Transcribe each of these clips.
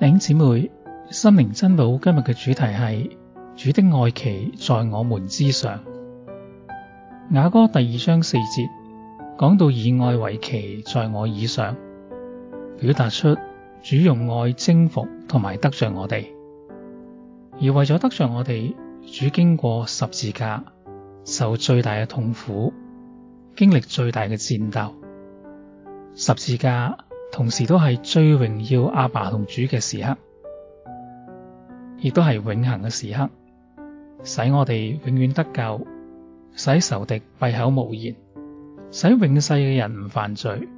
弟兄姊妹，心靈珍寶今日嘅主題係主的愛旗在我們之上。雅歌第二章四節講到以愛為旗在我以上，表達出主用愛征服同埋得著我哋，而為咗得著我哋，主經過十字架受最大嘅痛苦，經歷最大嘅戰鬥，十字架。同時都係最榮耀阿爸同主嘅時刻，亦都係永恒嘅時刻，使我哋永遠得救，使仇敵閉口無言，使永世嘅人唔犯罪，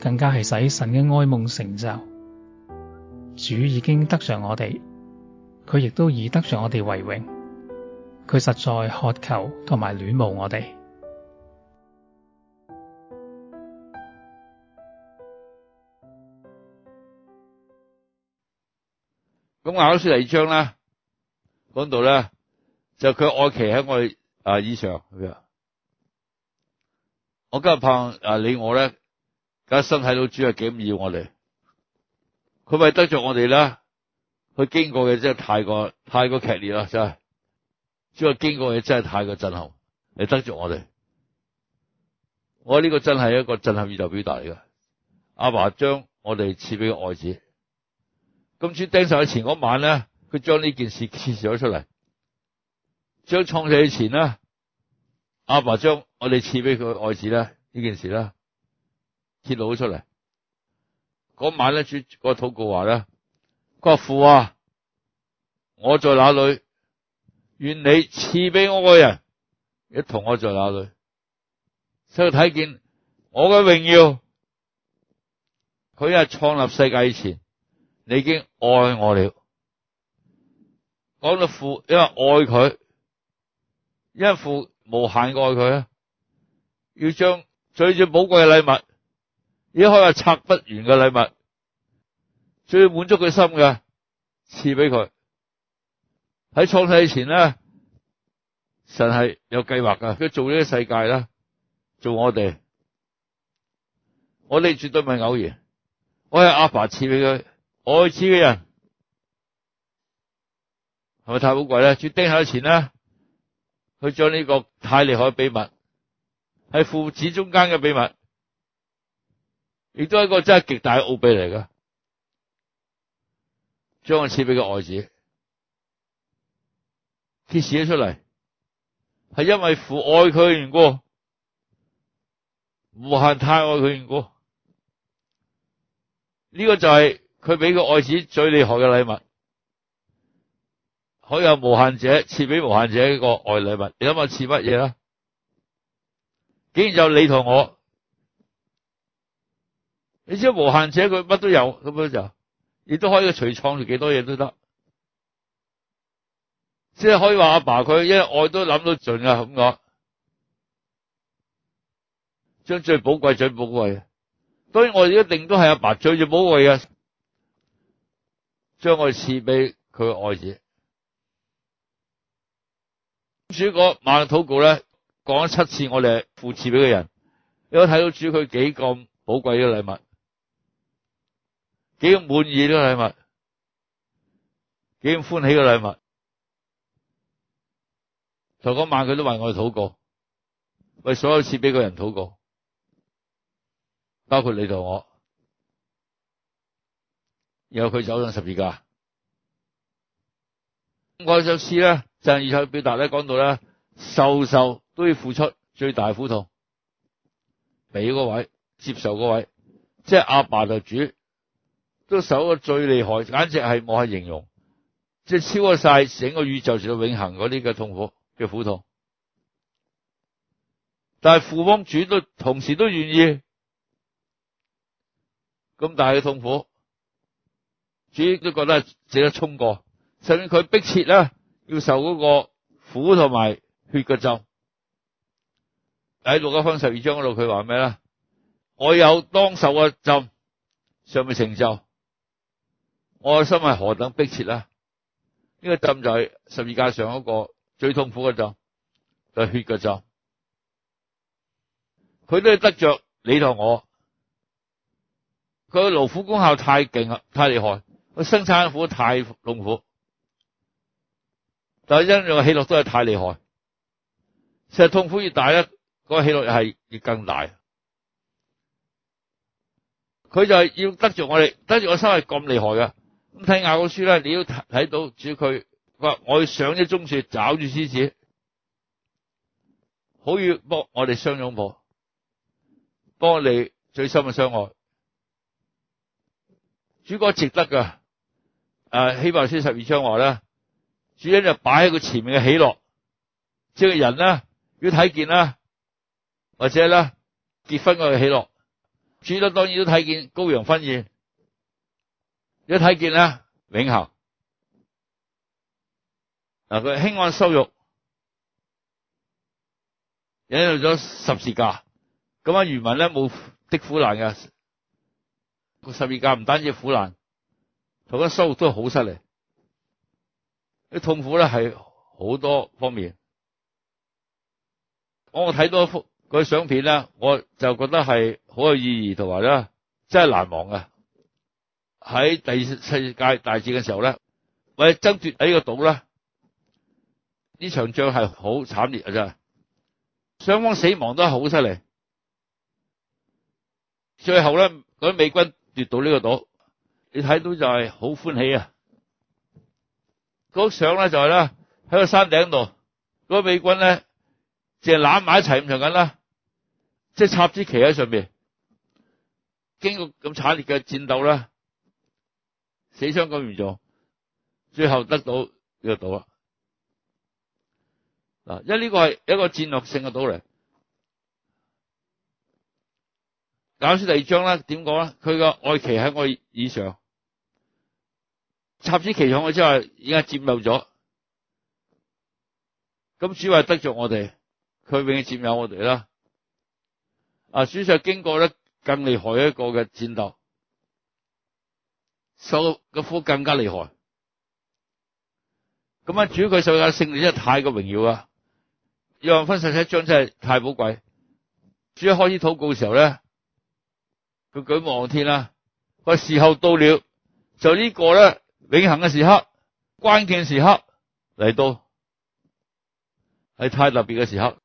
更加係使神嘅愛夢成就。主已經得着我哋，佢亦都以得着我哋為榮，佢實在渴求同埋戀慕我哋。咁《雅歌》書第二章啦，講到咧就佢、是、愛旗喺我哋啊以上，我今日怕啊、呃、你我咧，家生睇到主係幾唔要我哋，佢咪得罪我哋啦？佢經過嘅真係太過太過劇烈咯，真係，主啊經過嘅真係太過震撼，你得罪我哋，我呢個真係一個震撼意就表達嚟嘅。阿爸將我哋賜俾嘅愛子。咁主釘上去前嗰晚咧，佢將呢件事揭咗出嚟，將創世以前咧，阿爸，爸將我哋賜俾佢嘅愛子咧呢件事咧揭露咗出嚟。嗰晚咧主、嘅禱告話咧，佢話父啊，我在哪裡，願你賜俾我個人一同我在哪裡，使佢睇見我嘅榮耀。佢係創立世界以前，你已經愛我了。講到父，因為愛佢，因為父無限愛佢啊，要將最最寶貴嘅禮物，一開話拆不完嘅禮物，最滿足佢心嘅，賜俾佢。喺創世以前咧，神係有計劃噶，佢做呢個世界啦，做我哋，我哋絕對唔係偶然，我係阿爸賜俾佢。愛子嘅人係咪太寶貴咧？要丁喺前啦，佢將呢個太厲害嘅秘密，係父子中間嘅秘密，亦都係一個真係極大嘅奧秘嚟噶。將愛子俾個愛子，揭示出嚟，係因為父愛佢嘅緣故，無限太愛佢嘅緣故，呢個就係。佢俾個愛子最厲害嘅禮物，可以有無限者賜俾無限者的一個愛禮物？你諗下賜乜嘢啦？竟然就你同我，你知道無限者佢乜都有咁樣就，亦都可以除創住幾多嘢都得，即係可以話阿爸佢因為愛都諗到盡啊咁講，將最寶貴最寶貴，當然我哋一定都係阿爸最最寶貴嘅。將我哋賜俾佢嘅愛子。主嗰晚禱告咧，講咗七次我哋付賜俾嘅人，因為睇到主佢幾咁寶貴嘅禮物，幾咁滿意呢個禮物，幾咁歡喜嘅禮物。就嗰晚佢都為我哋禱告，為所有賜俾嘅人禱告，包括你同我。然後佢走上十字架，嗰首詩咧就以想表達咧，講到咧受受都要付出最大的苦痛，俾個位接受那個位，即係阿爸就主都受個最厲害，簡直係冇可形容，即係超過晒整個宇宙時永恒嗰啲嘅痛苦嘅苦痛。但係父邦主都同時都願意咁大嘅痛苦。主都覺得值得衝過，甚至佢迫切咧要受嗰個苦同埋血嘅浸。喺路加福音十二章嗰度，佢話咩咧？我有當受嘅浸尚未成就，我心係何等迫切咧？呢、這個浸就係十字架上嗰個最痛苦嘅浸，係、就是、血嘅浸。佢都係得着你同我，佢嘅勞苦功效太勁啦，太厲害。生產苦太痛苦，但係因為個氣落真係太厲害，成日痛苦越大咧，個氣落係越更大。佢就係要得住我哋，得住我心係咁厲害嘅。咁睇雅歌書咧，你要睇到主他，主要佢話我要上一棕樹，抓住枝子，好以幫我哋相擁抱，幫我哋最深嘅傷害，主角值得噶。啊，希伯來書十二章話咧，主恩就擺喺佢前面嘅喜樂，即係人咧要睇見啦，或者咧結婚嗰個喜樂，主恩當然都睇見羔羊婚宴，要睇見呢永恆。嗱、啊，佢輕看羞辱，忍受咗十字架，咁啊，漁民咧冇的苦難嘅，個十字架唔單止苦難。同埋收入都好犀利，啲痛苦咧係好多方面。我睇到幅嗰相片咧，我就覺得係好有意義，同埋咧真係難忘嘅。喺第二次世界大戰嘅時候咧，為爭奪呢個島咧，呢場仗係好慘烈啊！真係，雙方死亡都係好犀利。最後咧，嗰啲美軍奪到呢個島。你睇到就係好歡喜啊！嗰張咧就係咧喺個山頂度，嗰、那個、美軍咧淨係攬埋一齊咁長緊啦，即係插支旗喺上邊。經過咁慘烈嘅戰鬥啦，死傷咁嚴重，最後得到呢個島啦。嗱，因為呢個係一個戰略性嘅島嚟。講翻第二章啦，點講咧？佢個愛旗喺我以上。插翅其闖我即係而家佔有咗。咁主話得着我哋，佢永遠占有我哋啦。啊，主上經過咧更厲害一個嘅戰鬥，受嘅苦更加厲害。咁啊，主佢受嘅勝利真係太過榮耀啊。約翰分十七章真係太寶貴。主要開始禱告嘅時候咧，佢舉目望天啦，個時候到了，就這個呢個咧。永恆嘅時刻，關鍵的時刻嚟到，係太特別嘅時刻。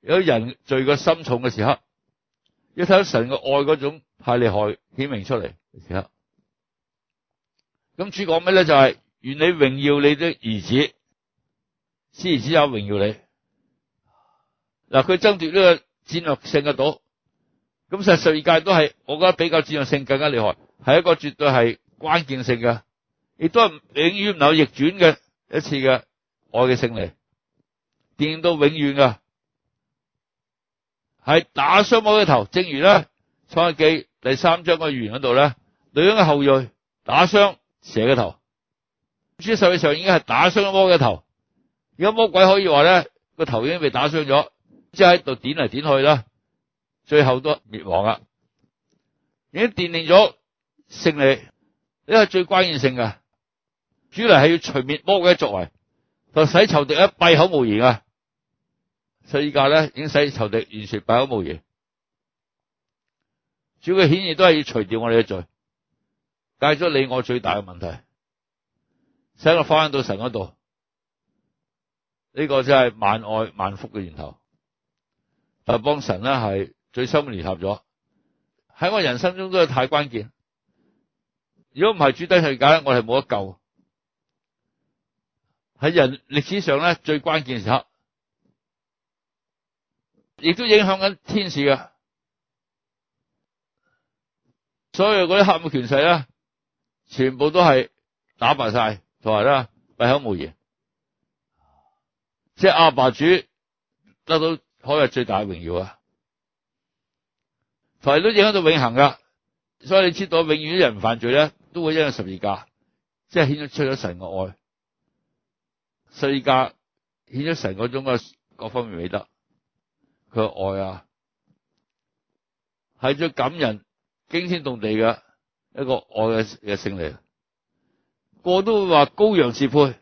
有人罪過深重嘅時刻，要睇到神嘅愛嗰種太厲害顯明出嚟嘅時刻。咁主講咩咧？就係、是、願你榮耀你的兒子，使兒子也榮耀你。嗱，佢爭奪呢個戰略性嘅賭，咁實世界都係我覺得比較戰略性更加厲害，係一個絕對係。關鍵性嘅，亦都係永遠唔有逆轉嘅一次嘅愛嘅勝利，奠定到永遠嘅，係打傷魔嘅頭。正如咧創世記第三章嘅預言嗰度咧，女人嘅後裔打傷蛇嘅頭，實際上已經係打傷魔嘅頭。如果魔鬼可以話咧，個頭已經被打傷咗，即係喺度點嚟點去啦，最後都滅亡啦，已經奠定咗勝利。呢個最關鍵性嘅，主嚟，係要除滅魔鬼嘅作為，就使仇敵一閉口無言啊！世界咧，已經使仇敵完全閉口無言。主嘅顯現都係要除掉我哋嘅罪，解咗你我最大嘅問題，使我翻到神嗰度。呢、這個真係萬愛萬福嘅源頭，就幫神咧係最深聯合咗，喺我人生中都係太關鍵。如果唔係主低去解，我哋係冇得救。喺人歷史上咧，最關鍵時刻，亦都影響緊天使嘅，所有嗰啲黑暗權勢咧，全部都係打敗晒，同埋咧，閉口無言。即係阿爸主得到可謂最大嘅榮耀啊！同埋都影響到永恒噶所以你知道永遠啲人唔犯罪咧。都會因為十字架，即係顯咗出咗神嘅愛，十字架顯咗神嗰種嘅各方面美德，佢嘅愛啊，係最感人、驚天動地嘅一個愛嘅嘅勝利，個都話羔羊是配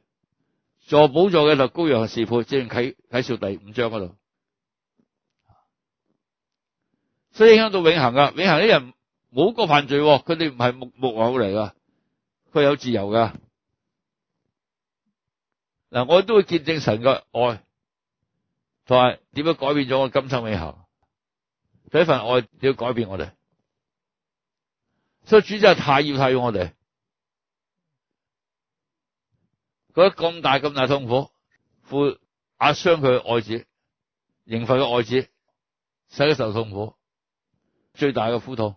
坐寶座嘅，就羔羊係是配，即係啟，啟示錄第五章嗰度，所以影響到永恒噶，永恒啲人。冇個犯罪，佢哋唔係木木偶嚟噶，佢有自由噶。嗱，我都會見證神嘅愛，同埋點樣改變咗我今生以後，一份愛點樣改變我哋。所以主真係太要太要我哋，覺得咁大咁大痛苦，負壓傷佢嘅愛子，刑罰佢嘅愛子，使佢受痛苦，最大嘅苦痛。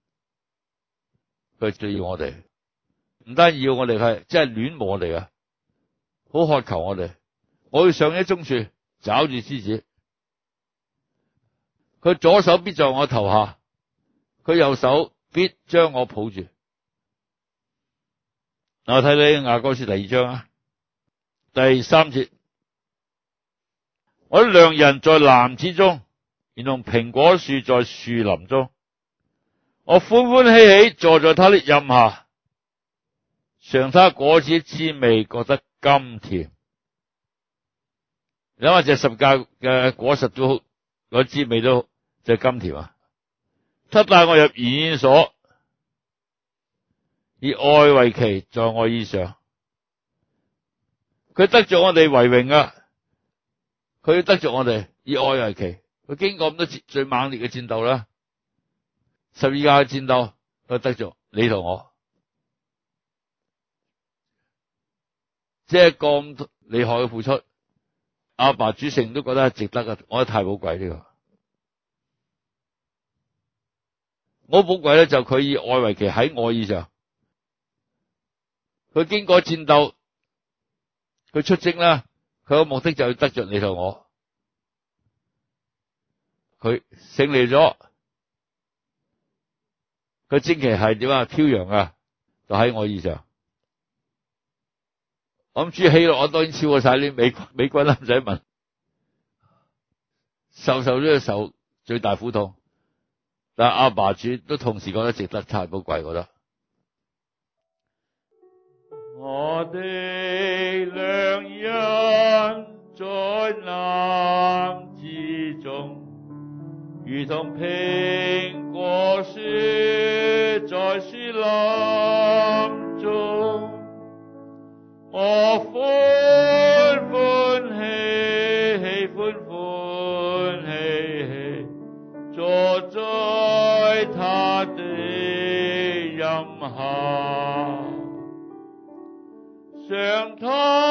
佢就要我哋，唔單要我哋，佢即係戀慕我哋啊！好渴求我哋，我要上一棵棕樹，抓住枝子。佢左手必在我頭下，佢右手必將我抱住。嗱，我睇你，雅歌書第二章啊，第三節，我的良人在男子中，如同蘋果樹在樹林中。我歡歡喜喜坐在他的蔭下，嘗他果子滋味，覺得甘甜。你諗下只十戒嘅果實都好，嗰滋味都就甘甜啊！他帶我入筵宴所，以愛為旗，在我以上，佢得着我哋為榮啊！佢得着我哋以愛為旗，佢經過咁多次最猛烈嘅戰鬥啦。十二家嘅戰鬥佢得着你同我，即係咁厲害嘅付出，阿爸，爸主聖都覺得值得噶，我覺得太寶貴呢個，我寶貴咧就佢以愛為旗喺我以上，佢經過戰鬥，佢出征啦，佢嘅目的就係得着你同我，佢勝利咗。佢精旗係點啊？飄揚啊，就喺我以上。我諗住，希咯，我當然超過晒啲美美軍仔問，受受都只受最大苦痛。但係阿爸主都同時覺得值得太寶貴，差唔多得我之中。如同蘋果樹在樹林中，我歡歡喜喜歡歡喜喜坐在他的蔭下，嘗他